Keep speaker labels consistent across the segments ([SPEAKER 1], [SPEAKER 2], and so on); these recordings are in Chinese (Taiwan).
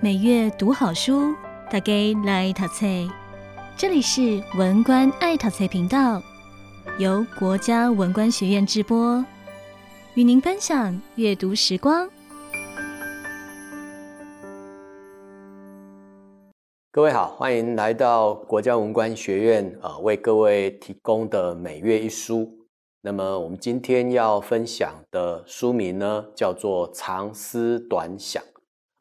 [SPEAKER 1] 每月讀好書，大家來淘菜。這裡是文官愛淘菜頻道，由國家文官學院直播，與您分享閱讀時光。各位好，歡迎來到國家文官學院啊、呃，為各位提供的每月一書。那麼我們今天要分享的書名呢，叫做《長思短想》。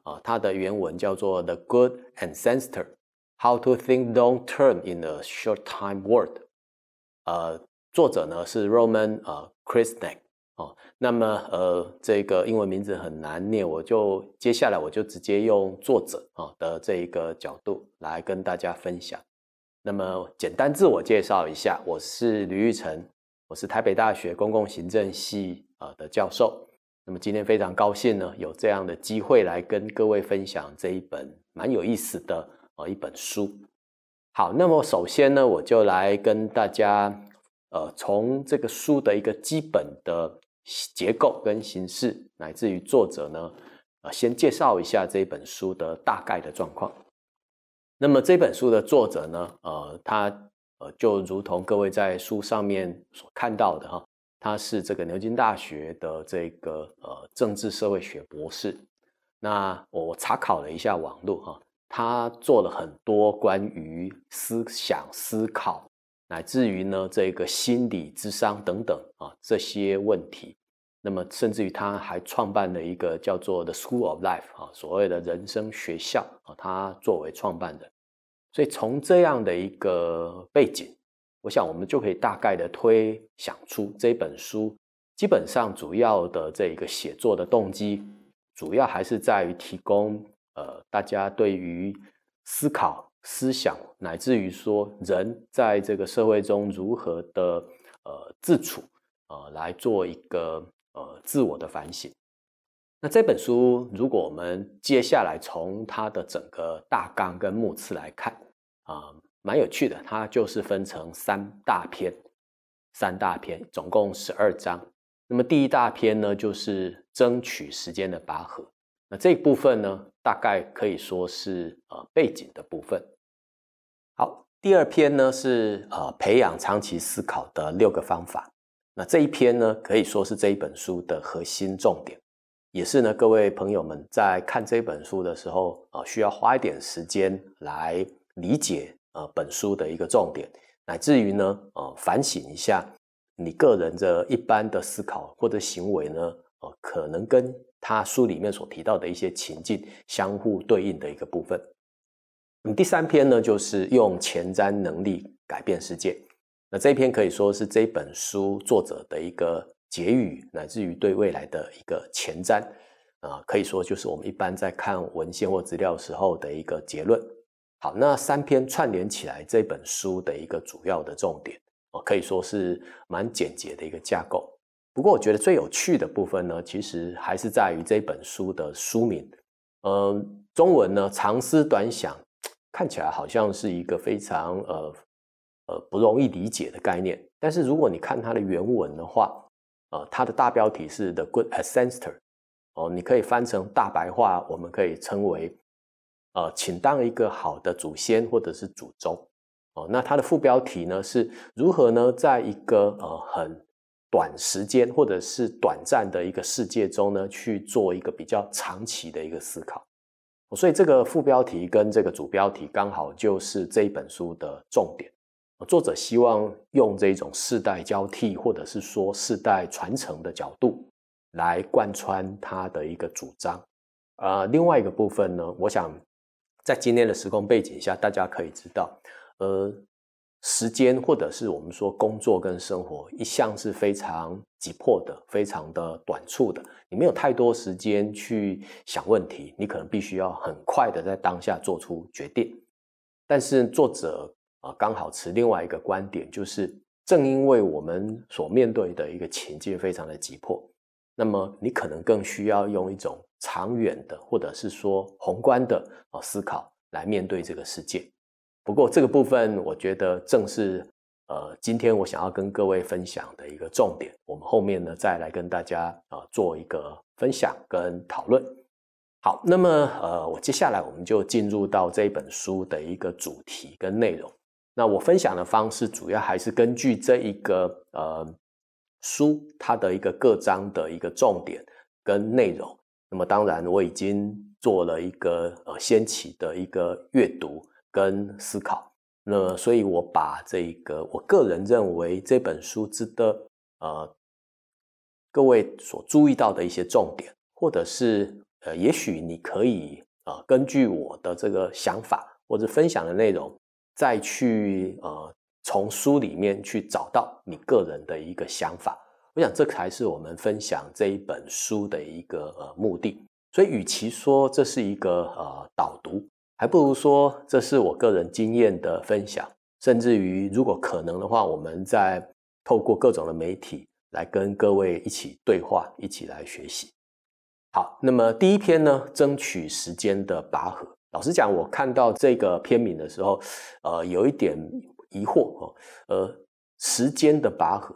[SPEAKER 1] 啊，它的原文叫做《The Good Ancestor: How to Think Long-Term in a Short-Time World》。呃，作者呢是 Roman 呃 Krisneck、呃、那麼呃，這個英文名字很難念，我就接下來我就直接用作者啊、呃、的這一個角度來跟大家分享。那麼簡單自我介紹一下，我是呂育誠，我是台北大學公共行政系啊、呃、的教授。那麼今天非常高興呢，有這樣的機會來跟各位分享這一本蠻有意思的呃一本書。好，那麼首先呢，我就來跟大家呃從這個書的一個基本的結構跟形式，乃至於作者呢呃先介紹一下這一本書的大概的狀況。那麼這本書的作者呢，呃，他呃就如同各位在書上面所看到的哈。他是這個牛津大學的這個呃政治社會學博士。那我，我查考了一下網絡哈、啊，他做了很多關於思想思考，乃至於呢這個心理智商等等啊這些問題。那麼甚至於他還創辦了一個叫做 The School of Life 啊，所謂的人生學校啊，他作為創辦人。所以從這樣的一個背景。我想，我們就可以大概的推想出這本書基本上主要的這一個寫作的動機，主要還是在於提供呃大家對於思考、思想，乃至於說人在這個社會中如何的呃自處，呃來做一個呃自我的反省。那這本書，如果我們接下來從它的整個大綱跟目次來看啊、呃。蠻有趣的，它就是分成三大篇，三大篇，總共十二章。那麼第一大篇呢，就是爭取時間的拔河。那這一部分呢，大概可以說是呃背景的部分。好，第二篇呢是呃培養長期思考的六個方法。那這一篇呢，可以說是這一本書的核心重點，也是呢各位朋友們在看這本書的時候啊、呃，需要花一點時間來理解。呃，本書的一個重點，乃至於呢，呃，反省一下你個人的一般的思考或者行為呢，呃，可能跟他書裡面所提到的一些情境相互對應的一個部分。嗯，第三篇呢，就是用前瞻能力改變世界。那這一篇可以說是這本書作者的一個結語，乃至於對未來的一個前瞻啊，呃，可以說就是我們一般在看文獻或資料時候的一個結論。好，那三篇串聯起來，這本書的一個主要的重點，哦、呃，可以說是蠻簡潔的一個架構。不過，我覺得最有趣的部分呢，其實還是在於這本書的書名，嗯、呃，中文呢“長思短想”，看起來好像是一個非常呃呃不容易理解的概念。但是，如果你看它的原文的話，呃，它的大標題是 “The Good Ancestor” 哦、呃，你可以翻成大白話，我們可以稱為。呃，請當一個好的祖先或者是祖宗哦。呃，那它的副標題呢，是如何呢，在一個呃很短時間或者是短暫的一個世界中呢，去做一個比較長期的一個思考。呃，所以這個副標題跟這個主標題剛好就是這一本書的重點。呃，作者希望用這種世代交替或者是說世代傳承的角度來貫穿他的一個主張。啊，呃，另外一個部分呢，我想。在今天的時空背景下，大家可以知道，呃，時間或者是我們說工作跟生活一向是非常急迫的，非常的短促的，你沒有太多時間去想問題，你可能必須要很快的在當下做出決定。但是作者啊、呃，剛好持另外一個觀點，就是正因為我們所面對的一個情境非常的急迫，那麼你可能更需要用一種。長遠的，或者是說宏觀的啊、呃，思考來面對這個世界。不過這個部分，我覺得正是呃，今天我想要跟各位分享的一個重點。我們後面呢，再來跟大家啊、呃，做一個分享跟討論。好，那麼呃，我接下來我們就進入到這一本書的一個主題跟內容。那我分享的方式，主要還是根據這一個呃書它的一個各章的一個重點跟內容。那麼當然，我已經做了一個呃先期的一個閱讀跟思考，那所以我把這個我個人認為這本書值得呃各位所注意到的一些重點，或者是呃也許你可以啊，呃，根據我的這個想法或者分享的內容，再去呃從書裡面去找到你個人的一個想法。我想這才是我們分享這一本書的一個呃目的，所以與其說這是一個呃導讀，還不如說這是我個人經驗的分享。甚至於如果可能的話，我們再透過各種的媒體來跟各位一起對話，一起來學習。好，那麼第一篇呢，爭取時間的拔河。老實講，我看到這個篇名的時候，呃，有一點疑惑哦，呃，時間的拔河。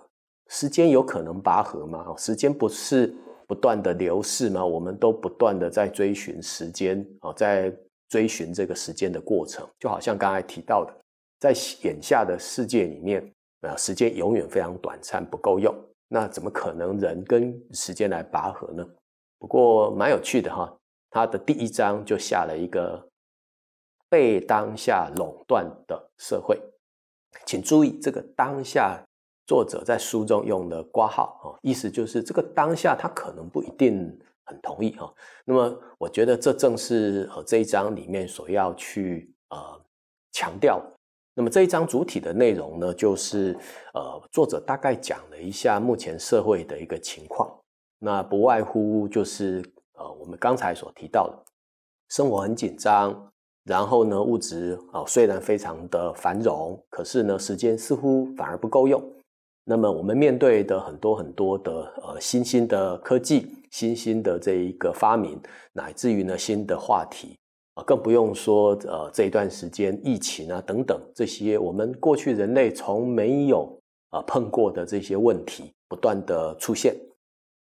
[SPEAKER 1] 時間有可能拔河嗎？時間不是不斷的流逝嗎？我們都不斷的在追尋時間，啊，在追尋這個時間的過程，就好像剛才提到的，在眼下的世界裡面，啊，時間永遠非常短暫，不夠用。那怎麼可能人跟時間來拔河呢？不過蠻有趣的哈，它的第一章就下了一個被當下壟斷的社會，請注意這個當下。作者在書中用的“括號”啊，意思就是這個當下他可能不一定很同意啊。那麼，我覺得這正是呃這一章裡面所要去呃強調。那麼這一章主體的內容呢，就是呃作者大概講了一下目前社會的一個情況，那不外乎就是呃我們剛才所提到的，生活很緊張，然後呢物質啊，呃，雖然非常的繁榮，可是呢時間似乎反而不夠用。那麼我們面對的很多很多的呃新興的科技、新興的這一個發明，乃至於呢新的話題啊、呃，更不用說呃這一段時間疫情啊等等這些我們過去人類從沒有啊、呃、碰過的這些問題不斷的出現。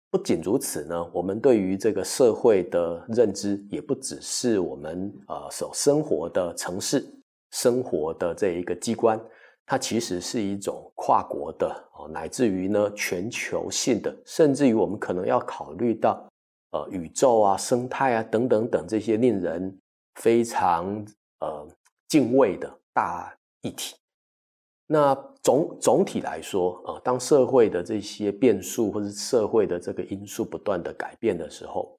[SPEAKER 1] 不僅如此呢，我們對於這個社會的認知也不只是我們啊、呃、所生活的城市生活的這一個機關。它其實是一種跨國的，啊，乃至於呢全球性的，甚至於我們可能要考慮到，呃，宇宙啊、生態啊等等等這些令人非常呃敬畏的大議題，那總總體來說，啊、呃，當社會的這些變數或者社會的這個因素不斷的改變的時候，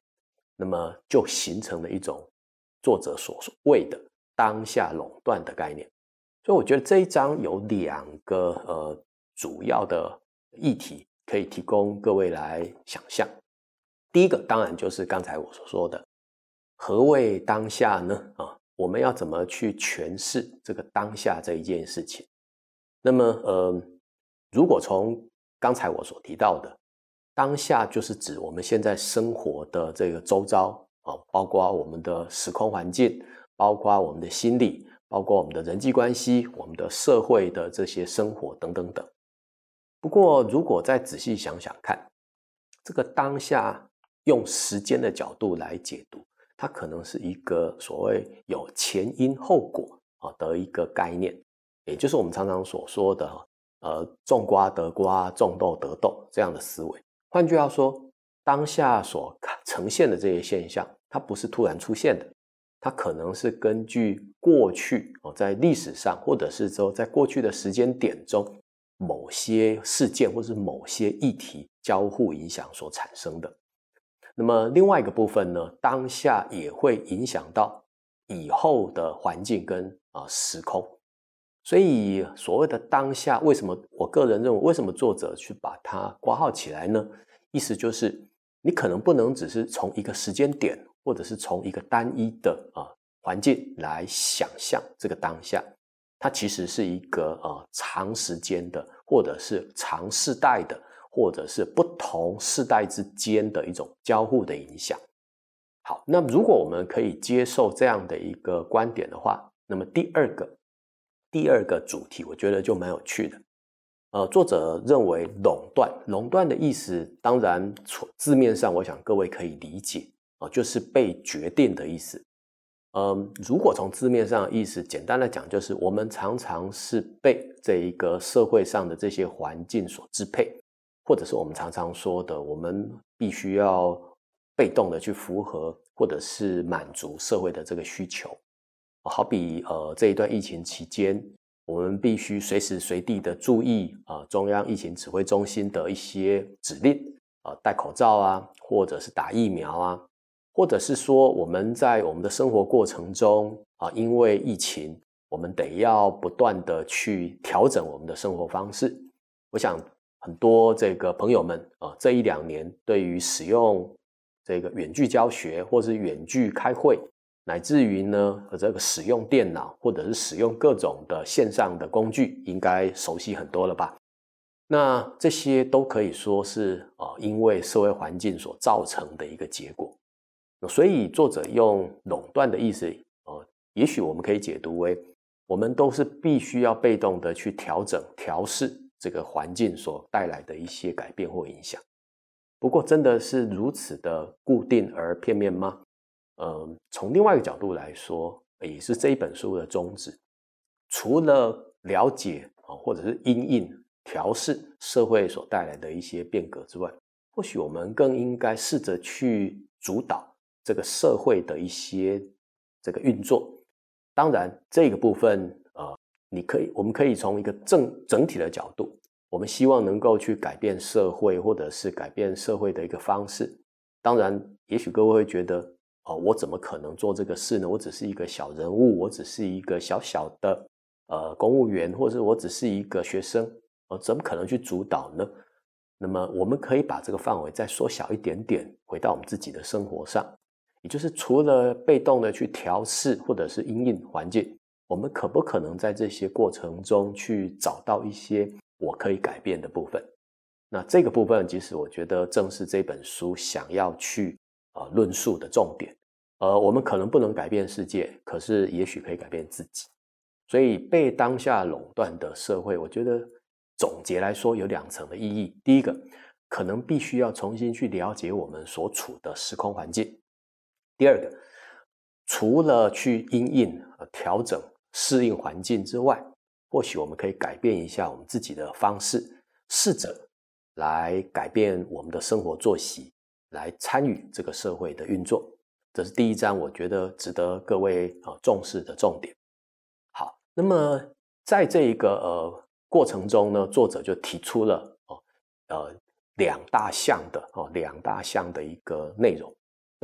[SPEAKER 1] 那麼就形成了一種作者所謂的當下壟斷的概念。所以我覺得這一章有兩個呃主要的議題可以提供各位來想象。第一個當然就是剛才我所說的何謂當下呢？啊，我們要怎麼去詮釋這個當下這一件事情？那麼呃，如果從剛才我所提到的，當下就是指我們現在生活的這個周遭啊，包括我們的時空環境，包括我們的心理。包括我們的人際關係、我們的社會的這些生活等等等。不過，如果再仔細想想看，這個當下用時間的角度來解讀，它可能是一個所謂有前因後果啊的一個概念，也就是我們常常所說的呃“種瓜得瓜，種豆得豆”這樣的思維。換句話說，當下所呈現的這些現象，它不是突然出現的。它可能是根據過去哦，在歷史上，或者是說在過去的時間點中，某些事件或者是某些議題交互影響所產生的。那麼另外一個部分呢，當下也會影響到以後的環境跟啊時空。所以所謂的當下，為什麼我個人認為，為什麼作者去把它括號起來呢？意思就是，你可能不能只是從一個時間點。或者是從一個單一的啊、呃、環境來想象這個當下，它其實是一個呃長時間的，或者是長世代的，或者是不同世代之間的一種交互的影響。好，那如果我們可以接受這樣的一個觀點的話，那麼第二個第二個主題，我覺得就蠻有趣的。呃，作者認為壟斷，壟斷的意思，當然從字面上，我想各位可以理解。呃，就是被決定的意思。嗯，呃，如果從字面上的意思，簡單的講，就是我們常常是被這一個社會上的這些環境所支配，或者是我們常常說的，我們必須要被動的去符合或者是滿足社會的這個需求。呃，好比呃，這一段疫情期間，我們必須隨時隨地的注意啊，呃，中央疫情指揮中心的一些指令啊，呃，戴口罩啊，或者是打疫苗啊。或者是說，我們在我們的生活過程中啊、呃，因為疫情，我們得要不斷的去調整我們的生活方式。我想，很多這個朋友們啊、呃，這一兩年對於使用這個遠距教學，或是遠距開會，乃至於呢，這個使用電腦，或者是使用各種的線上的工具，應該熟悉很多了吧？那這些都可以說是啊、呃，因為社會環境所造成的一個結果。所以作者用壟斷的意思，呃，也許我們可以解讀為，我們都是必須要被動的去調整、調適這個環境所帶來的一些改變或影響。不過，真的是如此的固定而片面嗎？嗯、呃，從另外一個角度來說、呃，也是這一本書的宗旨。除了了解啊、呃，或者是因應調適社會所帶來的一些變革之外，或許我們更應該試着去主導。這個社會的一些這個運作，當然這個部分呃，你可以，我們可以從一個正整體的角度，我們希望能夠去改變社會，或者是改變社會的一個方式。當然，也許各位會覺得啊、呃，我怎麼可能做這個事呢？我只是一個小人物，我只是一個小小的呃公務員，或者是我只是一個學生，我、呃、怎麼可能去主導呢？那麼，我們可以把這個範圍再縮小一點點，回到我們自己的生活上。也就是除了被動的去調試或者是因應環境，我們可不可能在這些過程中去找到一些我可以改變的部分？那這個部分，其實我覺得正是這本書想要去啊論述的重點。呃，我們可能不能改變世界，可是也許可以改變自己。所以被當下壟斷的社會，我覺得總結來說有兩層的意義：第一個，可能必須要重新去了解我們所處的時空環境。第二個，除了去因應和、呃、調整適應環境之外，或許我們可以改變一下我們自己的方式，試着來改變我們的生活作息，來參與這個社會的運作。這是第一章，我覺得值得各位啊、呃、重視的重點。好，那麼在這一個呃過程中呢，作者就提出了呃兩大項的哦、呃、兩大項的一個內容。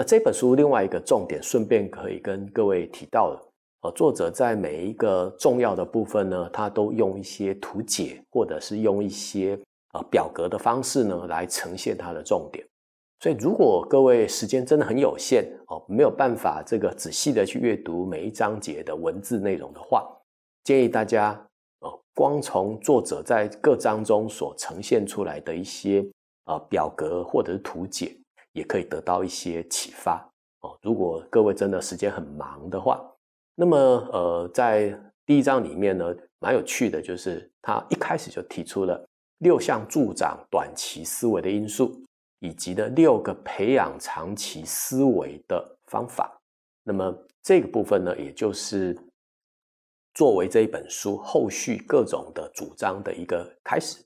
[SPEAKER 1] 那這本書另外一個重點，順便可以跟各位提到的，呃，作者在每一個重要的部分呢，他都用一些圖解或者是用一些呃表格的方式呢來呈現他的重點。所以，如果各位時間真的很有限哦，沒有辦法這個仔細的去閱讀每一章節的文字內容的話，建議大家啊，光從作者在各章中所呈現出來的一些呃表格或者是圖解。也可以得到一些啟發哦。如果各位真的時間很忙的話，那麼呃，在第一章裡面呢，蠻有趣的，就是他一開始就提出了六項助長短期思維的因素，以及的六個培養長期思維的方法。那麼這個部分呢，也就是作為這一本書後續各種的主張的一個開始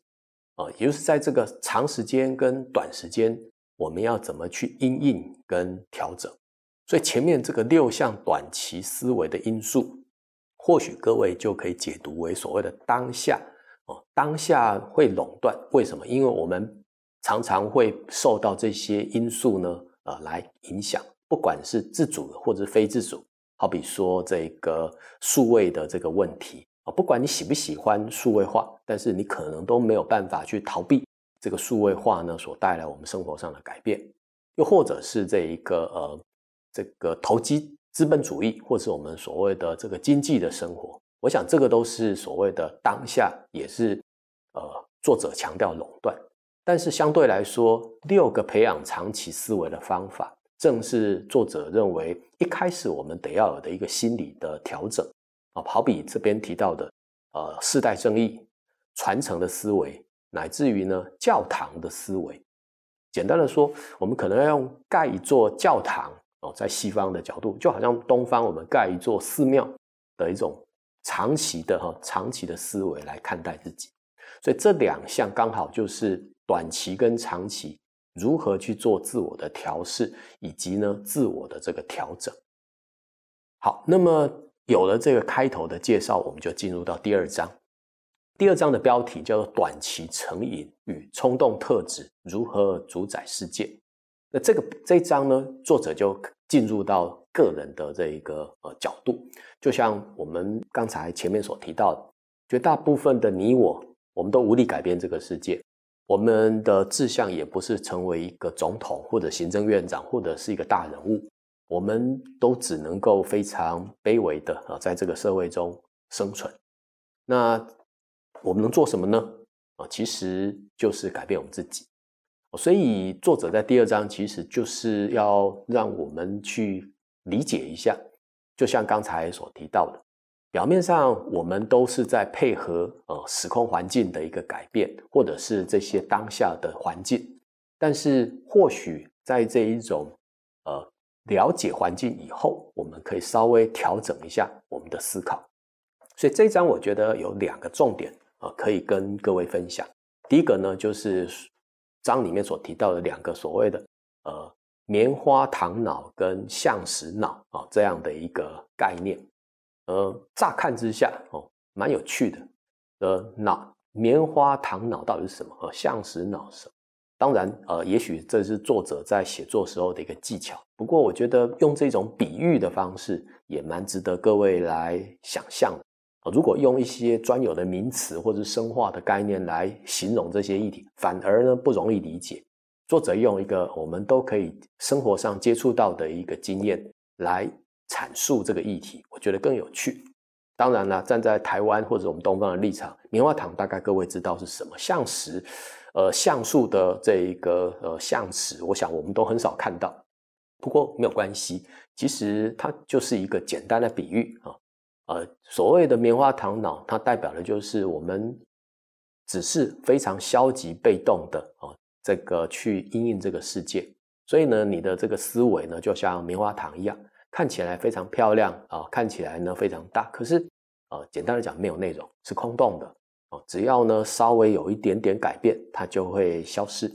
[SPEAKER 1] 啊。呃，也就是在這個長時間跟短時間。我們要怎麼去因應跟調整？所以前面這個六項短期思維的因素，或許各位就可以解讀為所謂的當下哦，當下會壟斷。為什麼？因為我們常常會受到這些因素呢，呃，來影響。不管是自主的或者是非自主，好比說這個數位的這個問題啊，不管你喜不喜歡數位化，但是你可能都沒有辦法去逃避。這個數位化呢，所帶來我們生活上的改變，又或者是這一個呃，這個投機資本主義，或是我們所謂的這個經濟的生活，我想這個都是所謂的當下，也是呃，作者強調壟斷。但是相對來說，六個培養長期思維的方法，正是作者認為一開始我們得要有的一個心理的調整啊，好比這邊提到的呃，世代正義傳承的思維。乃至於呢，教堂的思維。簡單的說，我們可能要用蓋一座教堂哦，在西方的角度，就好像東方我們蓋一座寺廟的一種長期的哈、哦、長期的思維來看待自己。所以這兩項剛好就是短期跟長期如何去做自我的調試，以及呢自我的這個調整。好，那麼有了這個開頭的介紹，我們就進入到第二章。第二章的標題叫做“短期成癮與衝動特質如何主宰世界”。那這個這一章呢，作者就進入到個人的這一個呃角度，就像我們剛才前面所提到，絕大部分的你我，我們都無力改變這個世界，我們的志向也不是成為一個總統或者行政院長或者是一個大人物，我們都只能夠非常卑微的啊，在這個社會中生存。那我們能做什麼呢？啊，其實就是改變我們自己。所以作者在第二章其實就是要讓我們去理解一下，就像剛才所提到的，表面上我們都是在配合呃時空環境的一個改變，或者是這些當下的環境，但是或許在這一種呃了解環境以後，我們可以稍微調整一下我們的思考。所以這一章我覺得有兩個重點。呃，可以跟各位分享。第一個呢，就是章裡面所提到的兩個所謂的呃棉花糖腦跟橡實腦啊、哦、這樣的一個概念。呃，乍看之下哦，蠻有趣的。呃，那棉花糖腦到底是什麼？呃，橡實腦是什麼？當然，呃，也許這是作者在寫作時候的一個技巧。不過，我覺得用這種比喻的方式也蠻值得各位來想象的。如果用一些專有的名詞或者深化的概念來形容這些議題，反而呢不容易理解。作者用一個我們都可以生活上接觸到的一個經驗來闡述這個議題，我覺得更有趣。當然了，站在台灣或者我們東方的立場，棉花糖大概各位知道是什麼？橡實。呃，橡樹的這一個呃橡實，我想我們都很少看到。不過沒有關係，其實它就是一個簡單的比喻啊。呃呃，所謂的棉花糖腦，它代表的就是我們只是非常消極被動的啊、呃，這個去因應這個世界。所以呢，你的這個思維呢，就像棉花糖一樣，看起來非常漂亮啊、呃，看起來呢非常大，可是啊、呃，簡單的講，沒有內容，是空洞的啊、呃。只要呢稍微有一點點改變，它就會消失。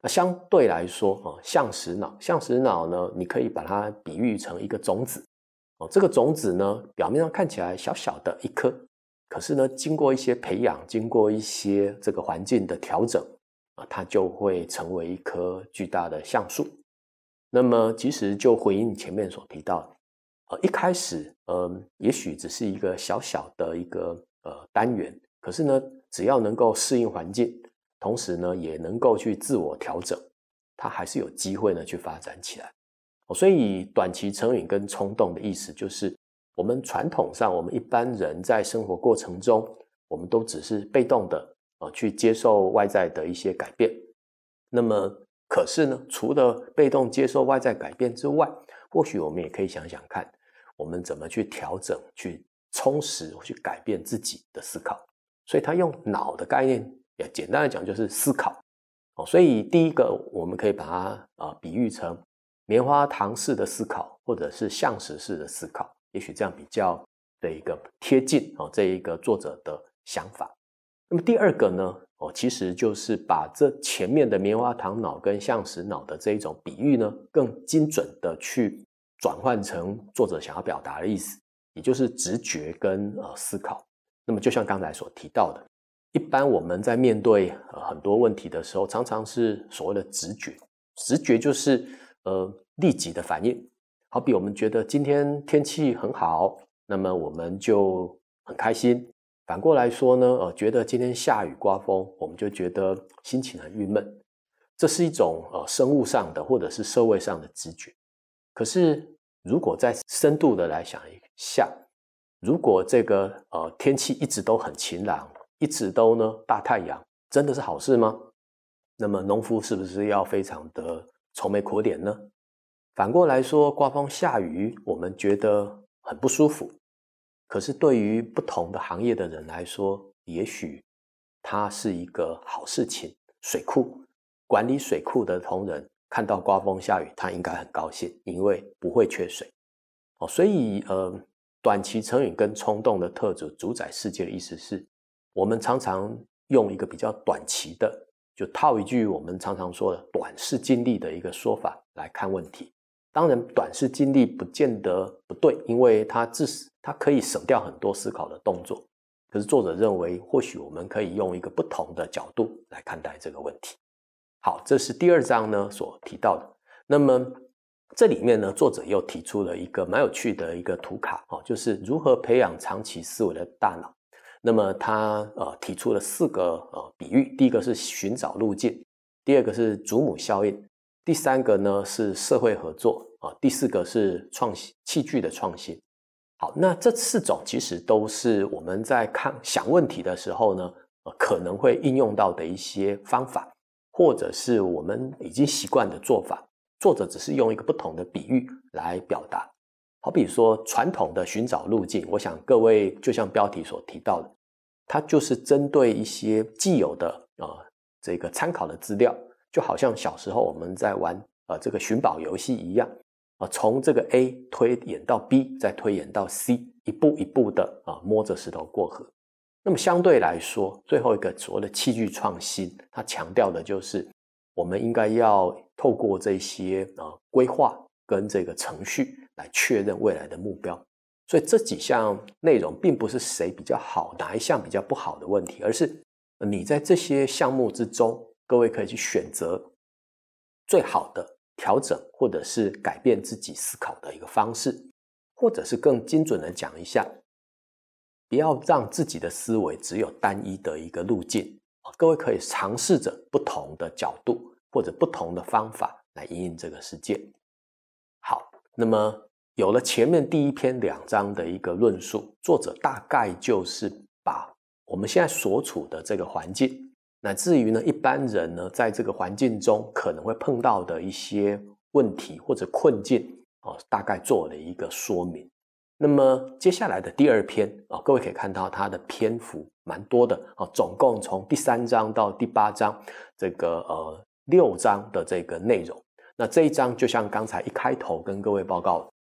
[SPEAKER 1] 那、呃、相對來說啊，橡、呃、實腦，橡實腦呢，你可以把它比喻成一個種子。這個種子呢，表面上看起來小小的一顆，可是呢，經過一些培養，經過一些這個環境的調整，啊、呃，它就會成為一棵巨大的橡樹。那麼，其實就回應前面所提到，呃，一開始，嗯、呃，也許只是一個小小的一個呃單元，可是呢，只要能夠適應環境，同時呢，也能夠去自我調整，它還是有機會呢去發展起來。所以，短期成癮跟衝動的意思，就是我們傳統上，我們一般人在生活過程中，我們都只是被動的啊，去接受外在的一些改變。那麼，可是呢，除了被動接受外在改變之外，或許我們也可以想想看，我們怎麼去調整、去充實、去改變自己的思考。所以，他用腦的概念，也簡單來講就是思考哦。所以，第一個我們可以把它啊比喻成。棉花糖式的思考，或者是橡實式的思考，也許這樣比較的一個貼近啊、哦，這一個作者的想法。那麼第二個呢，哦，其實就是把這前面的棉花糖腦跟橡實腦的這一種比喻呢，更精準的去轉換成作者想要表達的意思，也就是直覺跟呃思考。那麼就像剛才所提到的，一般我們在面對、呃、很多問題的時候，常常是所謂的直覺，直覺就是。呃，立即的反應，好比我們覺得今天天氣很好，那麼我們就很開心。反過來說呢，呃，覺得今天下雨颳風，我們就覺得心情很鬱悶。這是一種呃生物上的或者是社會上的直覺。可是如果再深度的來想一下，如果這個呃天氣一直都很晴朗，一直都呢大太陽，真的是好事嗎？那麼農夫是不是要非常的愁眉苦臉呢。反過來說，刮風下雨，我們覺得很不舒服。可是對於不同的行業的人來說，也許它是一個好事情。水庫管理水庫的同仁看到刮風下雨，他應該很高興，因為不會缺水。哦，所以呃，短期成癮跟衝動的特質主宰世界的意思是，我們常常用一個比較短期的。就套一句我們常常說的“短視近利”的一個說法來看問題，當然“短視近利”不見得不對，因為它至少它可以省掉很多思考的動作。可是作者認為，或許我們可以用一個不同的角度來看待這個問題。好，這是第二章呢所提到的。那麼這裡面呢，作者又提出了一個蠻有趣的一個圖卡啊，就是如何培養長期思維的大腦。那麼他呃提出了四個呃比喻，第一個是尋找路徑，第二個是祖母效應，第三個呢是社會合作啊，呃，第四個是創新器具的創新。好，那這四種其實都是我們在看想問題的時候呢，呃，可能會應用到的一些方法，或者是我們已經習慣的做法。作者只是用一個不同的比喻來表達，好比說傳統的尋找路徑，我想各位就像標題所提到的。它就是針對一些既有的啊、呃、這個參考的資料，就好像小時候我們在玩呃這個尋寶遊戲一樣，啊、呃、從這個 A 推演到 B，再推演到 C，一步一步的啊、呃、摸着石頭過河。那麼相對來說，最後一個所謂的器具創新，它強調的就是我們應該要透過這些啊、呃、規劃跟這個程序來確認未來的目標。所以這幾項內容並不是誰比較好，哪一項比較不好的問題，而是你在這些項目之中，各位可以去選擇最好的調整，或者是改變自己思考的一個方式，或者是更精準的講一下，不要讓自己的思維只有單一的一個路徑。各位可以嘗試着不同的角度或者不同的方法來引領這個世界。好，那麼。有了前面第一篇兩章的一個論述，作者大概就是把我們現在所處的這個環境，乃至於呢一般人呢在這個環境中可能會碰到的一些問題或者困境，哦，大概做了一個說明。那麼接下來的第二篇啊、哦，各位可以看到它的篇幅蠻多的啊、哦，總共從第三章到第八章，這個呃六章的這個內容。那這一章就像剛才一開頭跟各位報告。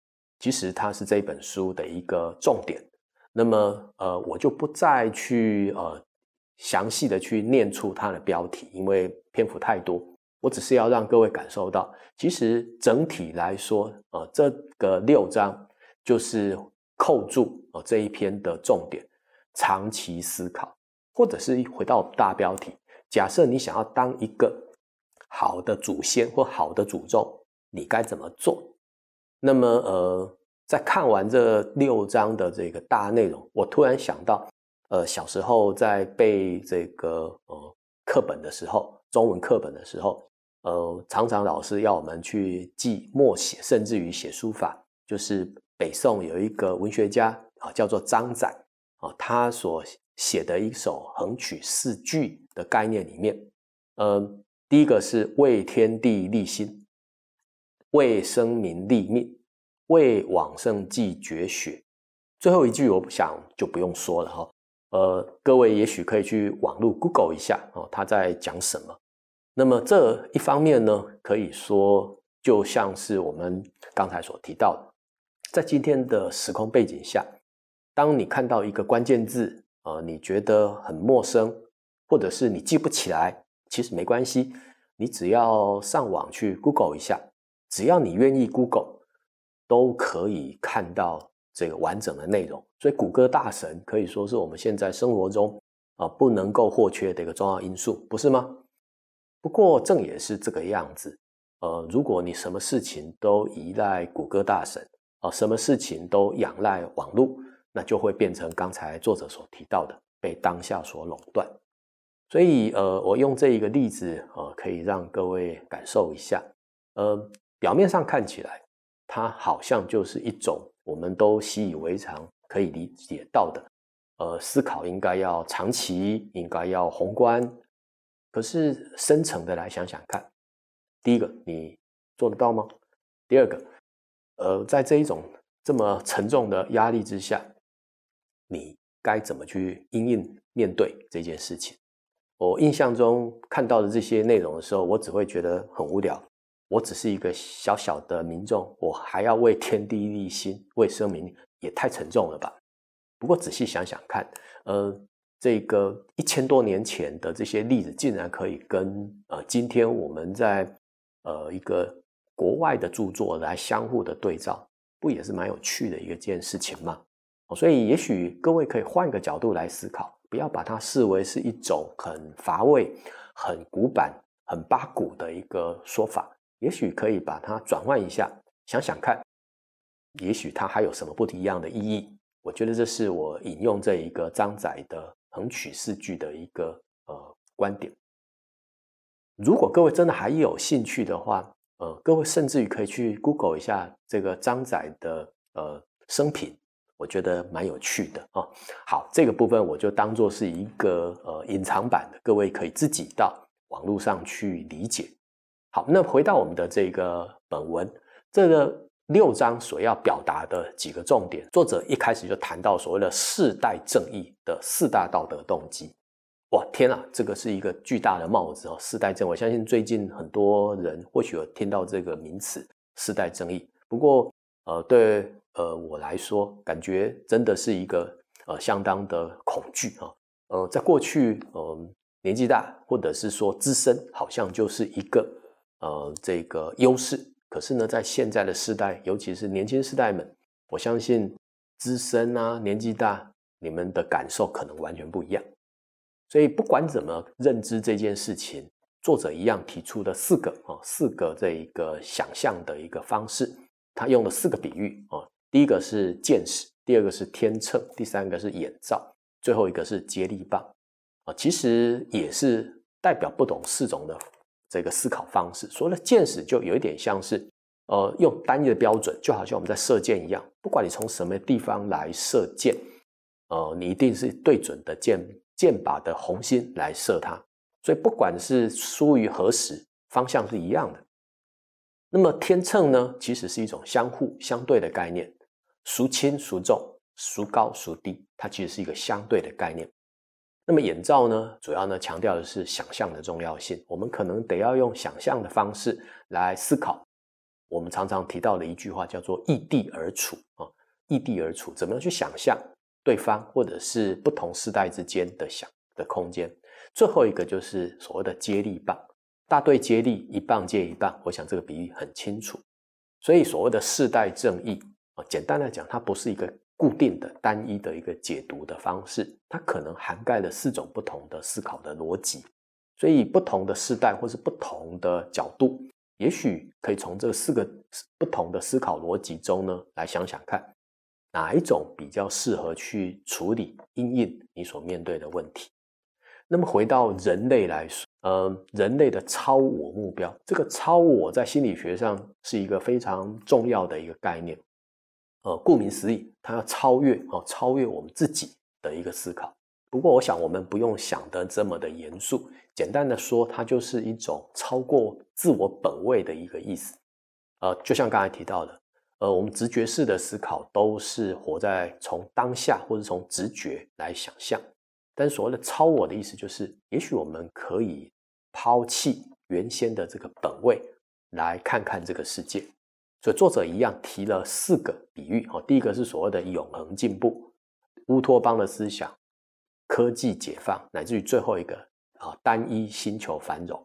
[SPEAKER 1] 其實它是這本書的一個重點，那麼呃，我就不再去呃詳細的去念出它的標題，因為篇幅太多，我只是要讓各位感受到，其實整體來說，呃，這個六章就是扣住呃這一篇的重點，長期思考，或者是回到大標題，假設你想要當一個好的祖先或好的祖宗，你該怎麼做？那麼，呃，在看完這六章的這個大內容，我突然想到，呃，小時候在背這個呃課本的時候，中文課本的時候，呃，常常老師要我們去記默寫，甚至於寫書法。就是北宋有一個文學家啊、呃，叫做張載啊、呃，他所寫的一首《橫渠四句》的概念裡面，呃，第一個是為天地立心。為生民立命，為往聖繼絕學。最後一句，我想就不用說了哈。呃，各位也許可以去網路 Google 一下哦，他在講什麼。那麼這一方面呢，可以說就像是我們剛才所提到的，在今天的時空背景下，當你看到一個關鍵字，呃，你覺得很陌生，或者是你記不起來，其實沒關係，你只要上網去 Google 一下。只要你願意，Google 都可以看到這個完整的內容。所以，谷歌大神可以說是我們現在生活中啊、呃、不能夠或缺的一個重要因素，不是嗎？不過，正也是這個樣子。呃，如果你什麼事情都依賴谷歌大神啊、呃，什麼事情都仰賴網絡，那就會變成剛才作者所提到的被當下所壟斷。所以，呃，我用這一個例子、呃、可以讓各位感受一下，呃。表面上看起來，它好像就是一種我們都習以為常、可以理解到的，呃，思考應該要長期，應該要宏觀。可是深層的來想想看，第一個，你做得到嗎？第二個，呃，在這一種這麼沉重的壓力之下，你該怎麼去因應面對這件事情？我印象中看到的這些內容的時候，我只會覺得很無聊。我只是一個小小的民眾，我還要為天地立心，為生民也太沉重了吧？不過仔細想想看，呃，這個一千多年前的這些例子，竟然可以跟呃今天我們在呃一個國外的著作來相互的對照，不也是蠻有趣的一個一件事情嗎？所以也許各位可以換一個角度來思考，不要把它視為是一種很乏味、很古板、很八股的一個說法。也許可以把它轉換一下，想想看，也許它還有什麼不一樣的意義。我覺得這是我引用這一個張載的橫渠四句的一個呃觀點。如果各位真的還有興趣的話，呃，各位甚至於可以去 Google 一下這個張載的呃生平，我覺得蠻有趣的啊。好，這個部分我就當做是一個呃隱藏版的，各位可以自己到網絡上去理解。好，那回到我們的這個本文，這個六章所要表達的幾個重點。作者一開始就談到所謂的“世代正義”的四大道德動機。哇，天啦，啊，這個是一個巨大的帽子哦，“世代正義”，我相信最近很多人或許有聽到這個名詞“世代正義”，不過，呃，對呃我來說，感覺真的是一個呃相當的恐懼啊。呃，在過去，嗯、呃，年紀大或者是說資深，好像就是一個。呃，這個優勢，可是呢，在現在的時代，尤其是年輕世代們，我相信資深啊，年紀大，你們的感受可能完全不一樣。所以不管怎麼認知這件事情，作者一樣提出了四個啊、哦，四個這一個想象的一個方式，他用了四個比喻啊、哦，第一個是見識，第二個是天秤，第三個是眼罩，最後一個是接力棒啊、哦，其實也是代表不懂四種的，這個思考方式，所謂的箭矢就有一點像是，呃，用單一的標準，就好像我們在射箭一樣，不管你從什麼地方來射箭，呃，你一定是對準的箭箭靶的紅心來射它。所以不管是疏於何時，方向是一樣的。那麼天秤呢，其實是一種相互相對的概念，孰輕孰重，孰高孰低，它其實是一個相對的概念。那麼眼罩呢？主要呢強調的是想象的重要性。我們可能得要用想象的方式來思考。我們常常提到的一句話叫做“易地而處”啊，“易地而處”怎麼樣去想象對方或者是不同世代之間的想的空間？最後一個就是所謂的接力棒，大隊接力，一棒接一棒。我想這個比喻很清楚。所以所謂的世代正義啊，簡單來講，它不是一個。固定的單一的一個解讀的方式，它可能涵蓋了四種不同的思考的邏輯，所以不同的世代或是不同的角度，也許可以從這四個不同的思考邏輯中呢，來想想看哪一種比較適合去處理因應你所面對的問題。那麼回到人類來說，呃，人類的超我目標，這個超我在心理學上是一個非常重要的一個概念。呃，顧名思義，它要超越哦，超越我們自己的一個思考。不過，我想我們不用想得這麼的嚴肅。簡單的說，它就是一種超過自我本位的一個意思。呃，就像剛才提到的，呃，我們直覺式的思考都是活在從當下或者從直覺來想象。但是所謂的超我的意思，就是也許我們可以拋棄原先的這個本位，來看看這個世界。所以作者一樣提了四個比喻，哈，第一個是所謂的永恆進步、烏托邦的思想、科技解放，乃至於最後一個啊，單一星球繁榮。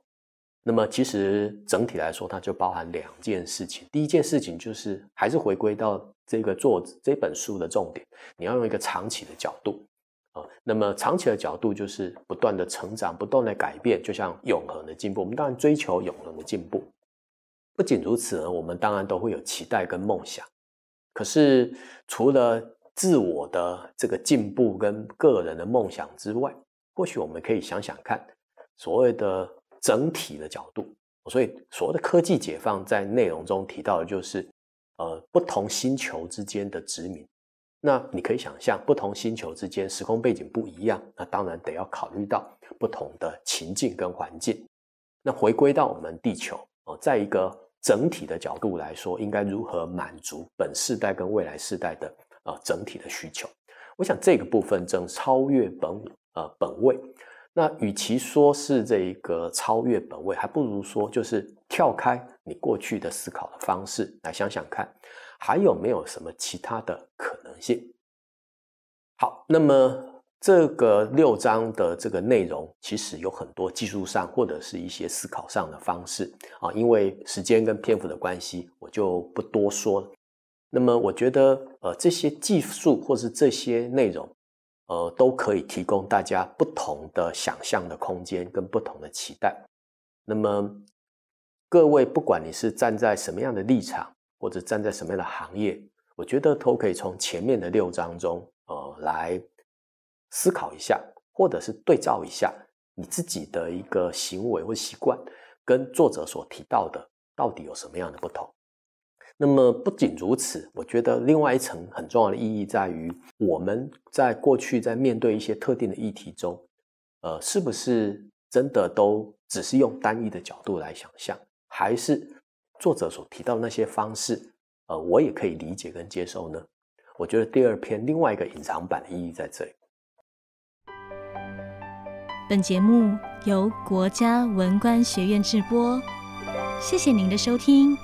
[SPEAKER 1] 那麼其實整體來說，它就包含兩件事情。第一件事情就是還是回歸到這個作者這本書的重點，你要用一個長期的角度啊。那麼長期的角度就是不斷的成長、不斷的改變，就像永恆的進步。我們當然追求永恆的進步。不僅如此呢，我們當然都會有期待跟夢想。可是除了自我的這個進步跟個人的夢想之外，或許我們可以想想看，所謂的整體的角度。所以所謂的科技解放，在內容中提到的就是，呃，不同星球之間的殖民。那你可以想象，不同星球之間時空背景不一樣，那當然得要考慮到不同的情境跟環境。那回歸到我們地球哦，呃，在一個整體的角度來說，應該如何滿足本世代跟未來世代的啊、呃、整體的需求？我想這個部分正超越本呃本位。那與其說是這一個超越本位，還不如說就是跳開你過去的思考的方式來想想看，還有沒有什麼其他的可能性？好，那麼。這個六章的這個內容，其實有很多技術上或者是一些思考上的方式啊，因為時間跟篇幅的關係，我就不多說了。那麼，我覺得呃，這些技術或者是這些內容，呃，都可以提供大家不同的想象的空間跟不同的期待。那麼，各位不管你是站在什麼樣的立場，或者站在什麼樣的行業，我覺得都可以從前面的六章中呃來。思考一下，或者是對照一下你自己的一個行為或習慣，跟作者所提到的到底有什麼樣的不同。那麼不僅如此，我覺得另外一層很重要的意義在於，我們在過去在面對一些特定的議題中，呃，是不是真的都只是用單一的角度來想象，還是作者所提到的那些方式，呃，我也可以理解跟接受呢？我覺得第二篇另外一個隱藏版的意義在這裡。本節目由國家文官學院制播，謝謝您的收聽。